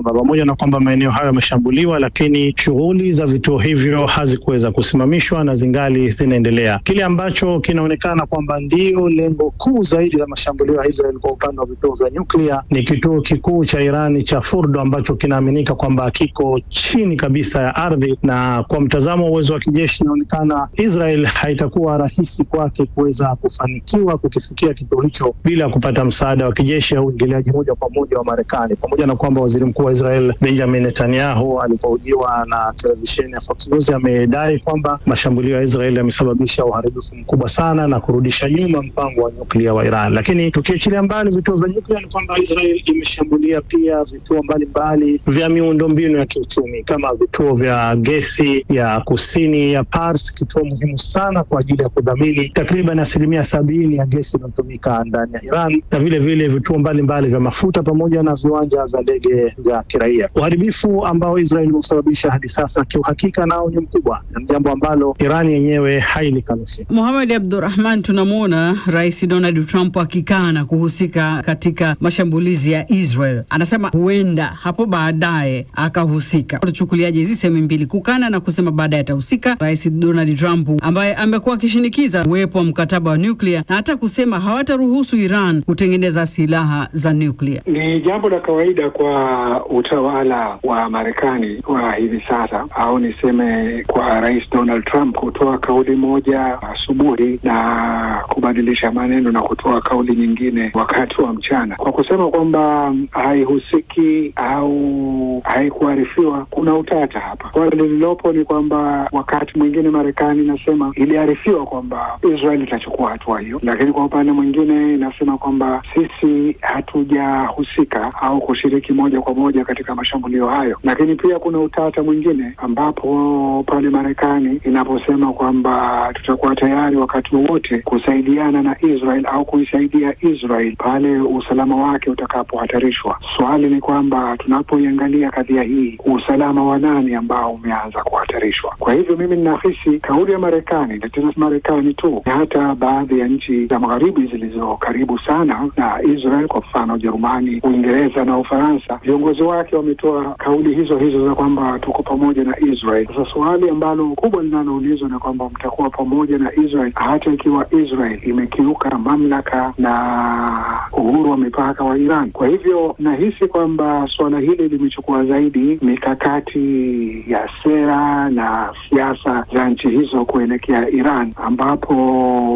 kwamba pamoja na kwamba maeneo hayo yameshambuliwa, lakini shughuli za vituo hivyo hazikuweza kusimamishwa na zingali zinaendelea. Kile ambacho kinaonekana kwamba ndiyo lengo kuu zaidi la mashambulio ya Israel kwa upande wa vituo vya nyuklia ni kituo kikuu cha Irani cha Fordo ambacho kinaaminika kwamba kiko chini kabisa ya ardhi, na kwa mtazamo wa uwezo wa kijeshi inaonekana Israel haitakuwa rahisi kwake kuweza kufanikiwa kukifikia kituo hicho bila kupata msaada wa kijeshi au uingiliaji moja kwa moja wa Marekani, pamoja na kwamba waziri mkuu mkuu wa Israel Benjamin Netanyahu alipohojiwa na televisheni ya Fox News amedai kwamba mashambulio ya Israel yamesababisha uharibifu mkubwa sana na kurudisha nyuma mpango wa nyuklia wa Iran. Lakini tukiachilia mbali vituo vya nyuklia, ni kwamba Israel imeshambulia pia vituo mbalimbali vya miundombinu ya kiuchumi kama vituo vya gesi ya kusini ya Pars, kituo muhimu sana kwa ajili ya kudhamini takriban asilimia sabini ya gesi inayotumika ndani ya Iran na vile vile vituo mbalimbali vya mafuta pamoja na viwanja vya ndege vya za kiraia. Uharibifu ambao Israel imesababisha hadi sasa kiuhakika nao ni mkubwa, jambo ambalo Irani yenyewe hailikanusi. Muhamed Abdurahman, tunamwona Rais Donald Trump akikana kuhusika katika mashambulizi ya Israel, anasema huenda hapo baadaye akahusika. Tuchukuliaje hizi sehemu mbili, kukana na kusema baadaye atahusika? Rais Donald Trump ambaye amekuwa akishinikiza uwepo wa mkataba wa nuklia na hata kusema hawataruhusu Iran kutengeneza silaha za nuklia. Ni jambo la kawaida kwa utawala wa Marekani wa hivi sasa, au niseme kwa Rais Donald Trump kutoa kauli moja asubuhi na kubadilisha maneno na kutoa kauli nyingine wakati wa mchana, kwa kusema kwamba haihusiki au haikuarifiwa, kuna utata hapa. Kwa lililopo ni kwamba wakati mwingine Marekani inasema iliarifiwa kwamba Israel itachukua hatua hiyo, lakini kwa upande mwingine inasema kwamba sisi hatujahusika au kushiriki moja kwa moja moja katika mashambulio hayo. Lakini pia kuna utata mwingine ambapo pale Marekani inaposema kwamba tutakuwa tayari wakati wowote kusaidiana na Israel au kuisaidia Israel pale usalama wake utakapohatarishwa. Swali ni kwamba tunapoiangalia kadhia hii, usalama wa nani ambao umeanza kuhatarishwa? Kwa hivyo mimi ninahisi kauli ya Marekani na tena Marekani tu, na hata baadhi ya nchi za magharibi zilizo karibu sana na Israel, kwa mfano Ujerumani, Uingereza na Ufaransa, viongozi viongozi wake wametoa kauli hizo hizo za kwamba tuko pamoja na Israel. Sasa swali ambalo kubwa linaloulizwa ni kwamba mtakuwa pamoja na Israel hata ikiwa Israel imekiuka mamlaka na uhuru wa mipaka wa Iran. Kwa hivyo nahisi kwamba suala hili limechukua zaidi mikakati ya sera na siasa za nchi hizo kuelekea Iran, ambapo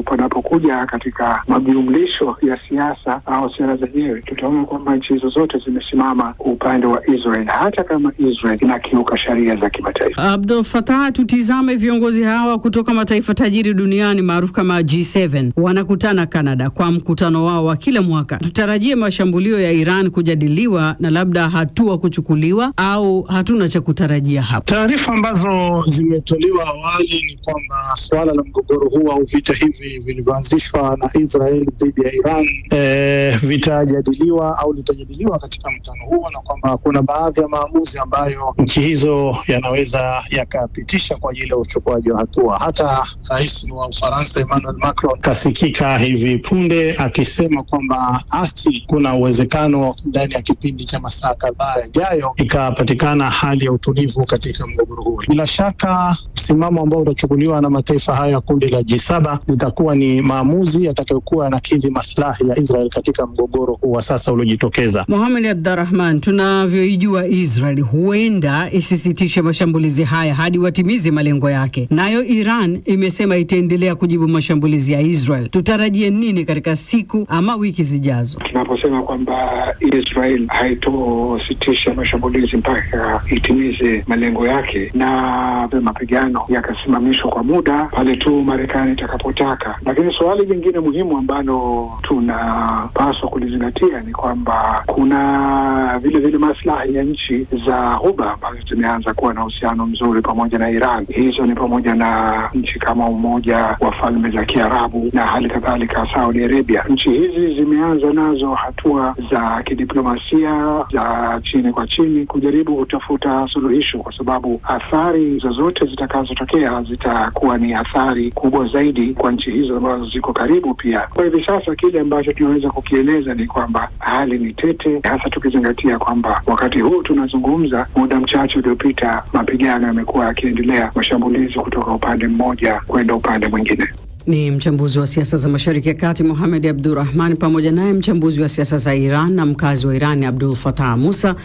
panapokuja katika majumlisho ya siasa au sera zenyewe, tutaona kwamba nchi hizo zote zimesimama upa upande wa Israel hata kama Israel inakiuka sheria za kimataifa. Abdul Fatah, tutizame viongozi hawa kutoka mataifa tajiri duniani maarufu kama G7 wanakutana Canada kwa mkutano wao wa kila mwaka. Tutarajie mashambulio ya Iran kujadiliwa na labda hatua kuchukuliwa au hatuna cha kutarajia hapo? Taarifa ambazo zimetolewa awali ni kwamba suala la mgogoro huu au vita hivi vilivyoanzishwa na Israel dhidi ya Iran eh, vitajadiliwa au litajadiliwa katika mkutano huo na kwa kwamba kuna baadhi ya maamuzi ambayo nchi hizo yanaweza yakapitisha kwa ajili ya uchukuaji wa hatua. Hata rais wa Ufaransa Emmanuel Macron kasikika hivi punde akisema kwamba ati kuna uwezekano ndani ya kipindi cha masaa kadhaa yajayo ikapatikana hali ya utulivu katika mgogoro huo. Bila shaka msimamo ambao utachukuliwa na mataifa hayo ya kundi la G7 zitakuwa ni maamuzi yatakayokuwa yanakidhi maslahi ya Israel katika mgogoro huu wa sasa uliojitokeza. Mohamed Abdurahman, tuna inavyoijua Israel huenda isisitishe mashambulizi haya hadi watimize malengo yake. Nayo Iran imesema itaendelea kujibu mashambulizi ya Israel. Tutarajie nini katika siku ama wiki zijazo? Tunaposema kwamba Israel haitositisha mashambulizi mpaka itimize malengo yake na mapigano yakasimamishwa kwa muda pale tu Marekani itakapotaka. Lakini swali lingine muhimu ambalo tunapaswa kulizingatia ni kwamba kuna vile vile ni maslahi ya nchi za Ghuba ambazo zimeanza kuwa na uhusiano mzuri pamoja na Iran. Hizo ni pamoja na nchi kama Umoja wa Falme za Kiarabu na hali kadhalika Saudi Arabia. Nchi hizi zimeanza nazo hatua za kidiplomasia za chini kwa chini kujaribu kutafuta suluhisho, kwa sababu athari zozote zitakazotokea zitakuwa ni athari kubwa zaidi kwa nchi hizo ambazo ziko karibu pia. Kwa hivi sasa kile ambacho tunaweza kukieleza ni kwamba hali ni tete, hasa tukizingatia kwamba kwamba wakati huu tunazungumza, muda mchache uliopita, mapigano yamekuwa yakiendelea, mashambulizi kutoka upande mmoja kwenda upande mwingine. Ni mchambuzi wa siasa za Mashariki ya Kati Mohamed Abdurrahman, pamoja naye mchambuzi wa siasa za Iran na mkazi wa Iran Abdul Fatah Musa.